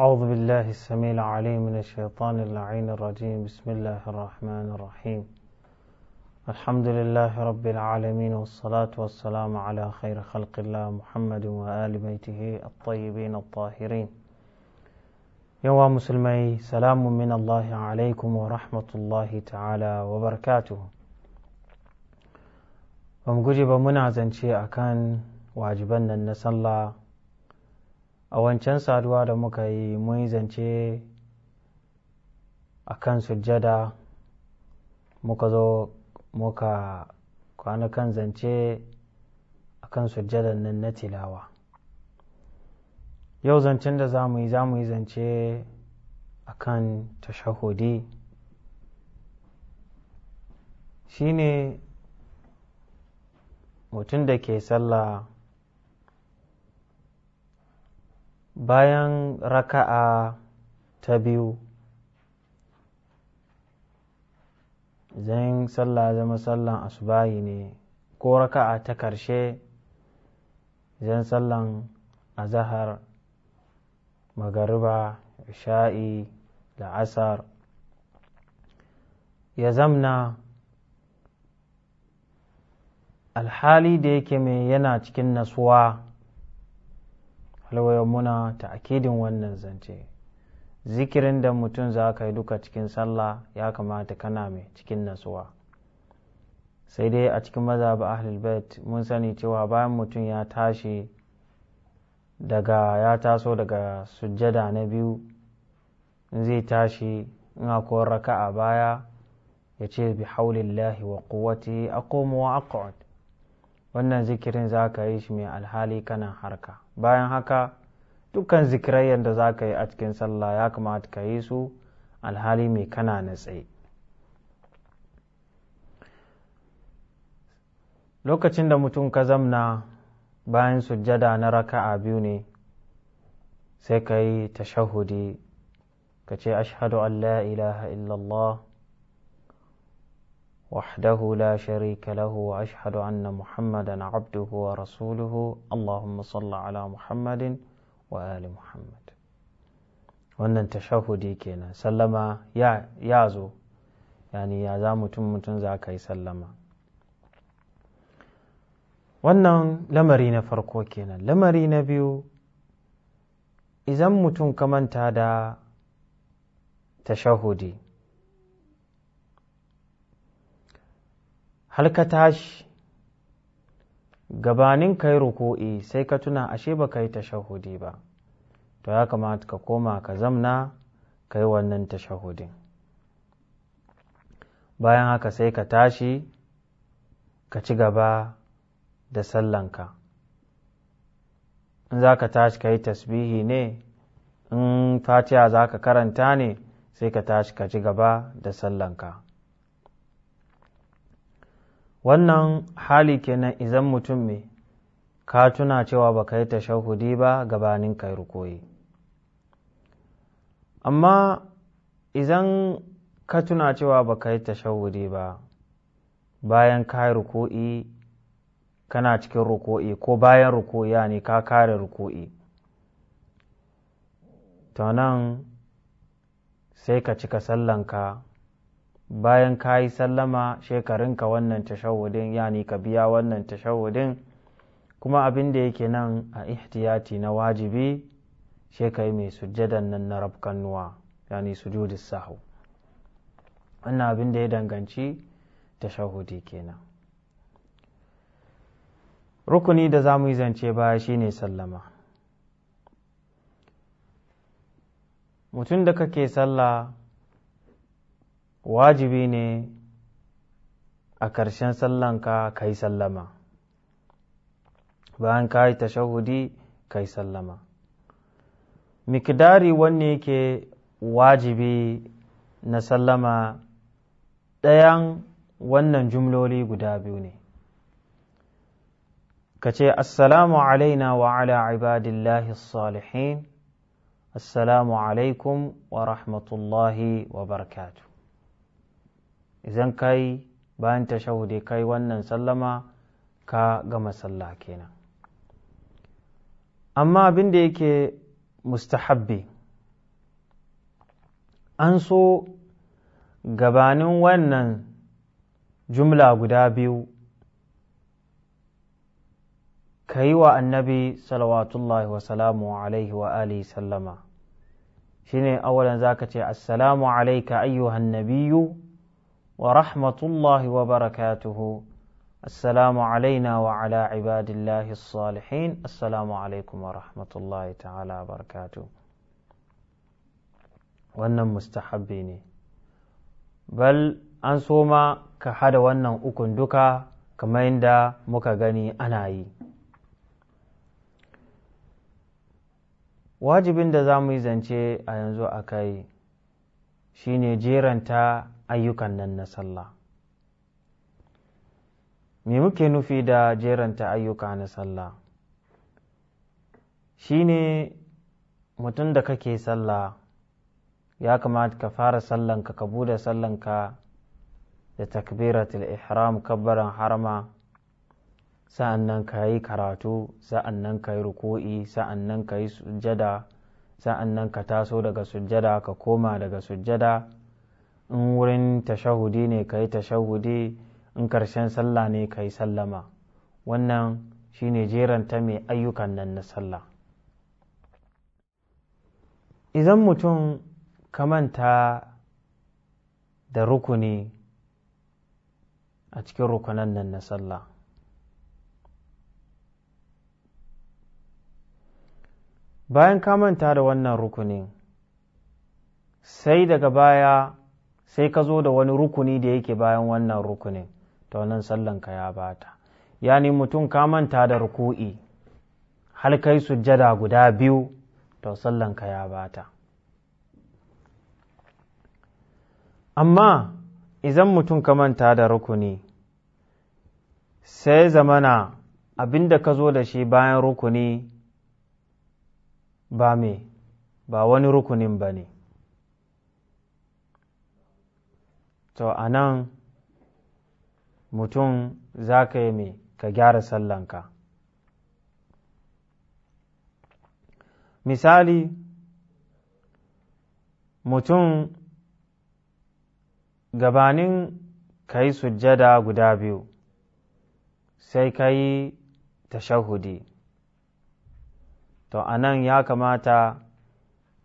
أعوذ بالله السميع العليم من الشيطان اللعين الرجيم بسم الله الرحمن الرحيم الحمد لله رب العالمين والصلاة والسلام على خير خلق الله محمد وآل بيته الطيبين الطاهرين يا مسلمي سلام من الله عليكم ورحمة الله تعالى وبركاته ومجيب منعزا شيئا كان واجبنا النسلّى a wancan saduwa da muka yi mun yi zance a kan sujjada muka zo muka kwana kan zance a kan sujjadan nan na tilawa yau zancen da za mu yi za mu yi zance a kan tashahudi shi ne mutum da ke sallah bayan raka'a ta biyu zan sallah zama sallan asubahi ne ko raka'a ta karshe zan sallan azahar magariba isha'i asar. ya zamna alhali da yake mai yana cikin nasuwa alwayo muna ta akidin wannan zance zikirin da mutum za ka yi duka cikin sallah ya kamata kana mai cikin nasuwa sai dai a cikin ba ahlul bait mun sani cewa bayan mutum ya tashi daga ya taso daga sujjada na biyu zai tashi in akwai raka a baya ya ce bi haulillahi wa kuwati a wa aq'ud wannan zikirin za ka yi shi mai alhali kana harka bayan haka dukkan zikirayyar da za ka yi a cikin sallah ya kamata ka yi su alhali mai kana na tsaye lokacin da mutum ka zamna bayan sujjada na raka'a biyu ne sai ka yi tashahudi ka ce ashhadu an la ilaha illallah وحده لا شريك له واشهد ان محمدا عبده ورسوله اللهم صل على محمد وال محمد wannan tashahudi kenan sallama ya zo yani ya za mutum mutum za ka yi sallama wannan lamari na farko kenan lamari na biyu idan mutum ka manta da tashahudi har ka tashi gabanin kai ruku'i sai ka tuna ashe ba ka yi tashahudi ba to ya kamata ka koma ka zamna ka yi wannan tashahudin bayan haka sai ka tashi ka ci gaba da sallanka in za ka tashi ka yi tasbihi ne in Fatiya za ka karanta ne sai ka tashi ka ci gaba da sallanka wannan hali kenan izan mutum me ka tuna cewa ba ka yi tashahudi ba gabanin kai rukoyi amma izan ka tuna cewa ba ka yi tashahudi ba bayan ka yi rukoyi kana cikin ruko'i ko bayan ruko'i ne ka kare rukoyi Ta nan sai ka cika sallanka bayan ka yi sallama shekarunka wannan tashawudin yani ka biya wannan tashawudin kuma abin da yake nan a ihtiyati na wajibi shekai mai sujjadan nan na rabkannuwa yani sujudis sahu wannan abin da ya danganci tashahudi kenan rukuni da za mu yi zance baya shine sallama mutum da kake sallah wajibi ne a ƙarshen sallanka ka yi sallama bayan ka yi tashahudi ka yi sallama mikdari wanne yake wajibi na sallama ɗayan wannan jumloli guda biyu ne ka ce assalamu alaina wa ala ibadillahi salihin assalamu alaikum wa rahmatullahi wa barakatu idan ka bayan ta shahude kai wannan sallama ka ga sallah kenan amma abin da yake mustahabbi an so gabanin wannan jumla guda biyu ka yi wa annabi salawatullahi wa salamu alaihi wa alihi sallama shine awalan zaka ce assalamu alaika ayyuhan nabiyyu ورحمة الله وبركاته السلام علينا وعلى عباد الله الصالحين السلام عليكم ورحمة الله تعالى وبركاته wannan mustahabbi ne bal an so ma ka hada wannan ukun duka kamar yadda muka gani ana yi wajibin da za mu yi zance a yanzu a kai shi ne jeranta ayyukan nan na sallah me muke nufi da jeranta ayyuka na sallah Shi ne mutum da kake sallah ya kamata ka fara sallanka ka bude sallanka da takbiratul ihram kabbaran harma sa'an nan ka yi karatu sa'an nan ka yi ruku'i sa'an nan ka yi sujjada sa'an nan ka taso daga sujjada ka koma daga sujjada in wurin tashahudi ne ka yi tashahudi in karshen sallah ne ka yi sallama wannan shi shine ta mai ayyukan nan na sallah idan mutum ka manta da rukuni a cikin rukunan nan na sallah bayan ka manta da wannan rukunin sai daga baya sai ka zo da wani rukuni da yake bayan wannan rukunin ta wannan sallanka ya bata yani mutum ka manta da ruku'i har kai sujjada guda biyu to sallanka ya bata amma idan mutum ka manta da rukuni sai zamana abinda ka zo da shi bayan rukuni ba me ba wani rukunin ba ne to a nan mutum za ka yi mai ka gyara sallanka misali mutum gabanin ka yi sujjada guda biyu sai ka yi tashahudi to a nan ya kamata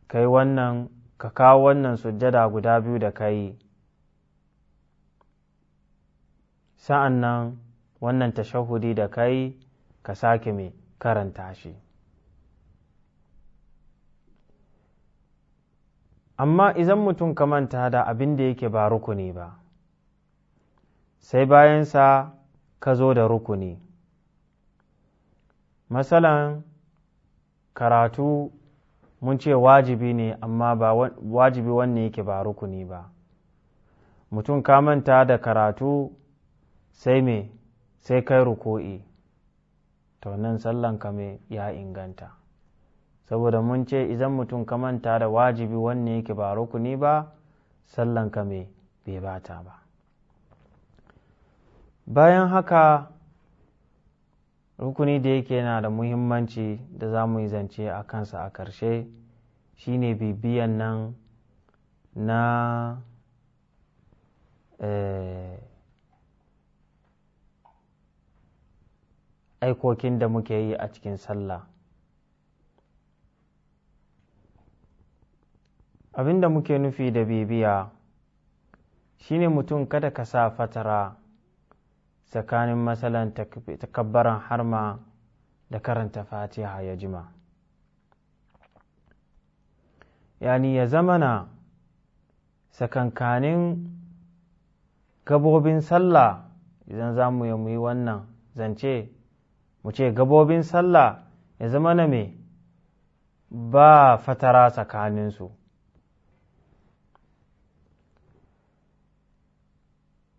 ka yi wannan ka kawo wannan sujjada guda biyu da ka yi sa'an nan wannan tashahudi da kai ka sake mai karanta shi amma izan mutum ka manta da abin da yake ba rukuni ba sai bayansa ka zo da rukuni masalan karatu mun ce wajibi ne amma ba wajibi wannan yake ba rukuni ba mutum ka manta da karatu sai me sai kai rukoi to nan sallanka me ya inganta saboda mun ce idan mutum ka manta da wajibi wanne yake ba rukuni ba sallanka me bai bata ba bayan haka rukuni da yake yana da muhimmanci da za mu yi zance a kansa a ƙarshe shine bibiyan nan na eh, aikokin da muke yi a cikin sallah abin da muke nufi da bibiya shine mutum kada ka sa fatara tsakanin matsalan takabbaran harma da karanta fatiha ya jima yani ya zamana sakankanin gabobin sallah idan za mu yi wannan zance mu ce gabobin sallah ya zama na me ba fatara tsakaninsu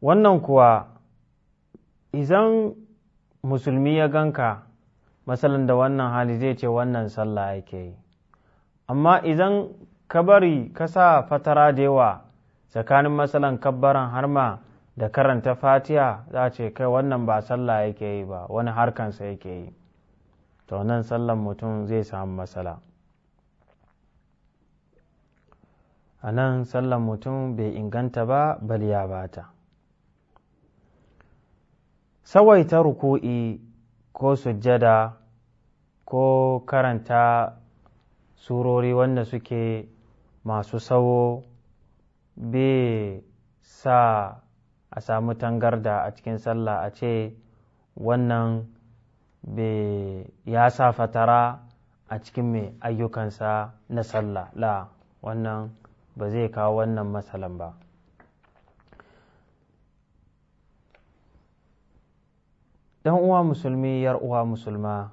wannan kuwa izan musulmi ya ganka matsalan da wannan hali zai ce wannan sallah yake yi amma izan bari ka sa fatara da yawa tsakanin matsalan kabbaran harma. da karanta fatiya za a ce kai wannan ba sallah yake yi ba wani harkansa yake yi to nan sallan mutum zai samu matsala a nan sallan mutum bai inganta ba bal ya bata sawaita ruku'i ko sujjada ko karanta surori wanda suke masu sawo bai sa a samu tangarda a cikin sallah a ce wannan ya sa fatara a cikin mai ayyukansa na sallah la wannan ba zai kawo wannan matsalan ba ɗan uwa musulmi yar uwa musulma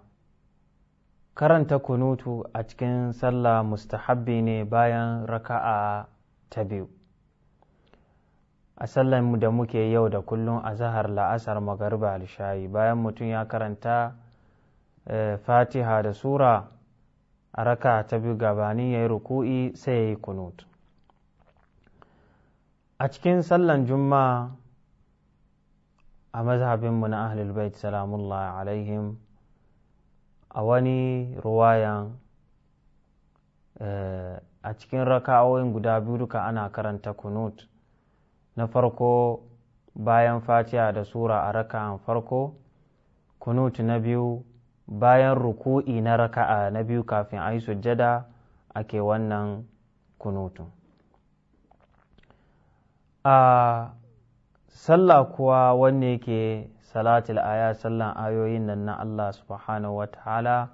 karanta kunutu a cikin sallah mustahabbi ne bayan raka'a ta biyu a sallan da muke yau da kullum a zahar la'asar magariba alshayi bayan mutum ya karanta eh, fatiha da sura a raka ta biyu gabanin ya yi ruku'i sai ya yi kunut a cikin sallan juma'a a mazhabinmu na ahlul bait salamullahi alaihim a wani ruwayan eh, a cikin raka'o'in guda biyu duka ana karanta kunut na farko bayan fatiha da sura a raka'an farko kunut na biyu bayan ruku'i na raka'a na biyu kafin a yi sujjada ake wannan kunutun a sallah kuwa wanne yake salatul aya sallan ayoyin nan na Allah subhanahu wa ta'ala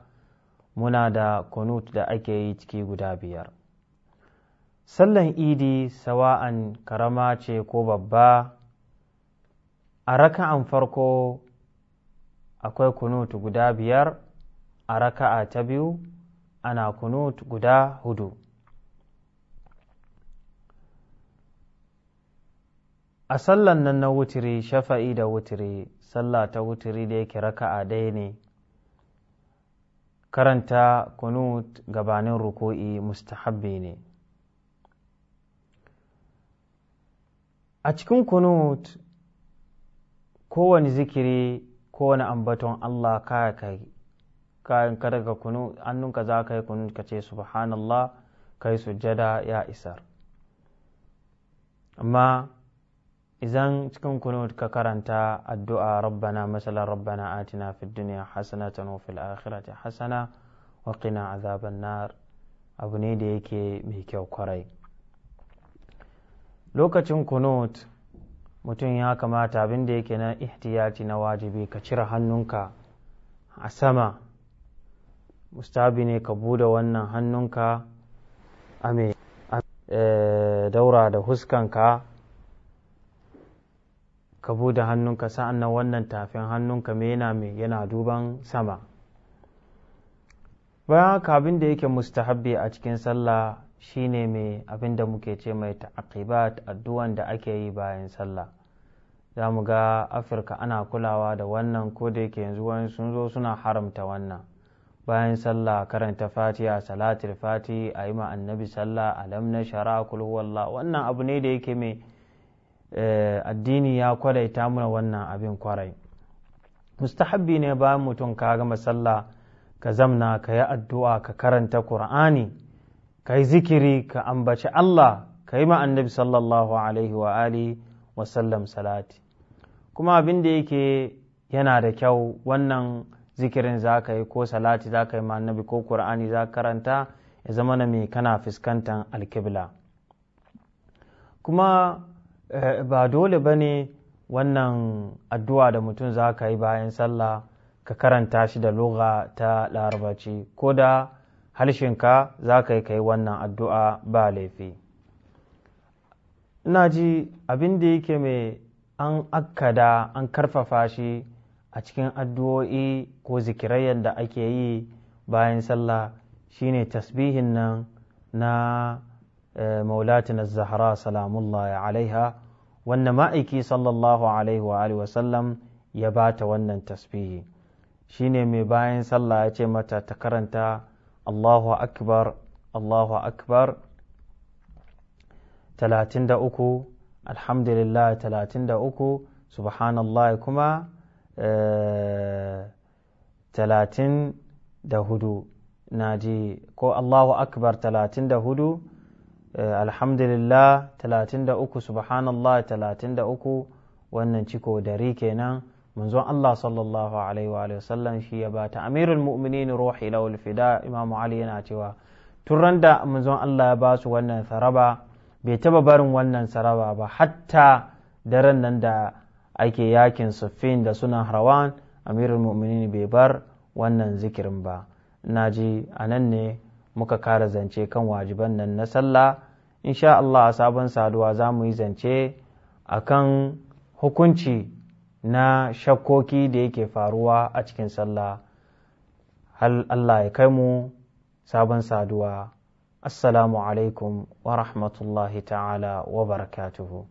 muna da kunut da ake yi ciki guda biyar sallan idi sawa'an karama ce ko babba a raka'an farko akwai kunut guda biyar a raka'a ta biyu ana kunut guda hudu a sallan nan na wutiri shafa'i da wutiri sallah ta wutiri da yake raka'a daya ne karanta kunut gabanin ruku'i mustahabbi ne a cikin kunut kowane zikiri kowane ambaton Allah kayan kai kayan ka daga kunu annunka za ka yi kunut ka ce subhanallah kai sujjada ya isar amma izan cikin kunut ka karanta addu'a rabbana masalan rabbana atina fid dunya hasanatan wa fil akhirati hasana wa qina azaban nar abu ne da yake mai kyau kwarai lokacin kunut mutum ya kamata abin da yake na ihtiyaci na wajibi ka cire hannunka a sama mustabi ne ka bude wannan hannunka a mai eh, daura da huskanka ka buɗe hannunka sa'an nan wannan tafin hannunka mai yana mai yana duban sama bayan haka abin da yake mustahabbi a cikin sallah shine mai abin da muke ce mai ta'aqibat addu'an da ake yi bayan sallah za mu ga afirka ana kulawa da wannan ko da yake yanzu wani sun zo suna haramta wannan bayan sallah karanta fatiha salatul fati a yi annabi sallah alam na shara wannan abu ne da yake mai eh, addini ya ta mana wannan abin kwarai mustahabbi ne bayan mutum ka gama sallah ka zamna ka yi addu'a ka karanta qur'ani ka yi zikiri ka ambaci Allah ka yi annabi sallallahu alaihi wa ali wasallam salati kuma abin da yake yana da kyau wannan zikirin za ka yi ko salati za ka yi ma annabi ko ƙur'ani za ka karanta ya zama na mai kana fuskantar alkibla kuma eh, ba dole ba ne wannan addu'a da mutum za ka yi bayan sallah ka karanta shi da lugha ta larabaci ko da harshenka za ka yi kai wannan addu'a ba laifi ina ji abin da yake mai an akkada an karfafa shi a cikin addu'o'i ko zikirayen da ake yi bayan sallah shine tasbihin nan na eh, maulatin zahra salamullahi alaiha wanda ma'aiki sallallahu alaihi wa sallam ya ba ta wannan tasbihi shine mai bayan sallah ya ce mata ta karanta Allahu akbar Allahu akbar talatin da uku alhamdulillah talatin da uku subhanallah kuma eh, talatin da hudu na ko Allahu akbar talatin da hudu eh, alhamdulillah talatin da uku subhanallah talatin da uku wannan ciko kenan manzon Allah sallallahu alaihi wa sallam shi ya bata amirul mu'minin ruhi lawal fida imam ali yana cewa turan da manzon Allah ya basu wannan saraba bai taɓa barin wannan saraba ba hatta daren nan da ake yakin suffin da sunan rawan amirul mu'minin bai bar wannan zikirin ba na ji a nan ne muka kara zance kan wajiban nan na sallah insha Allah a sabon saduwa za mu yi zance a kan hukunci na shakkoki da yake faruwa a cikin sallah hal Allah ya kai mu sabon saduwa assalamu alaikum wa rahmatullahi ta'ala wa barakatuhu